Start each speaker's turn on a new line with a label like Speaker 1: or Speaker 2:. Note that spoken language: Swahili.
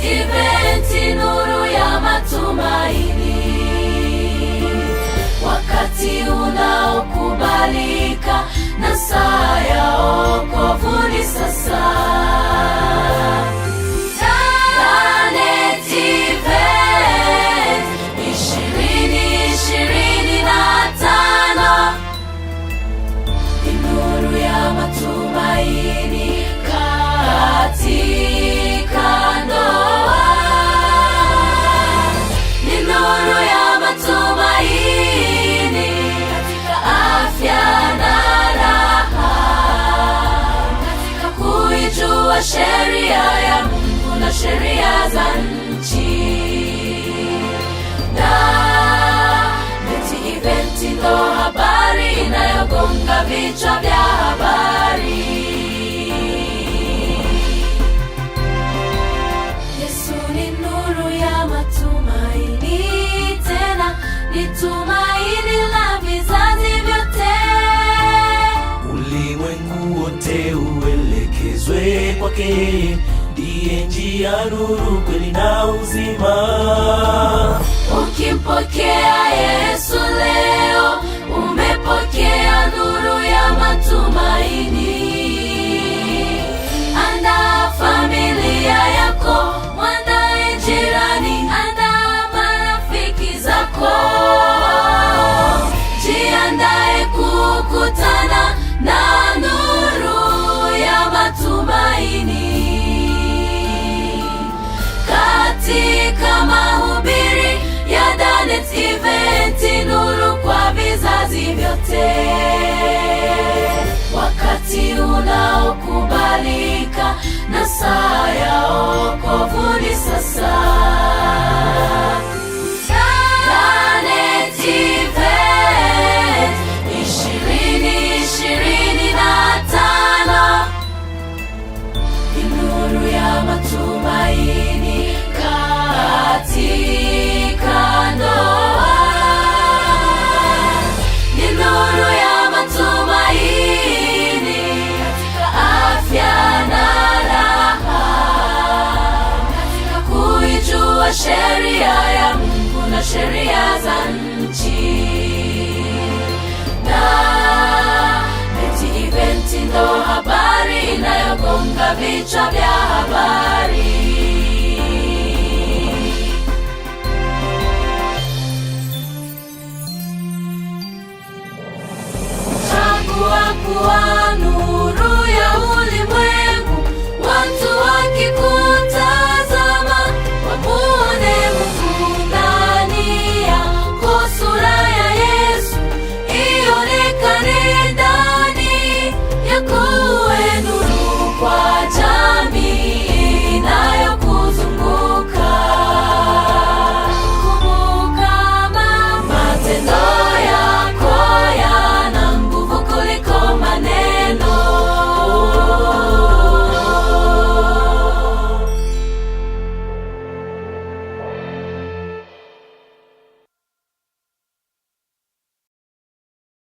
Speaker 1: Adventi, nuru ya matumaini, wakati unaokubalika na saa sheria ya Mungu na sheria za nchi Na Beti Eventi ndo habari inayogonga vichwa vya habari. Yesu ni nuru ya matumaini tena nitu
Speaker 2: wewe kwake ndiye njia, nuru, kweli na uzima.
Speaker 1: Ukimpokea Yesu leo ume sheria za nchi na Beti Event ndo habari inayogonga vichwa vya habari. Chagua kuwa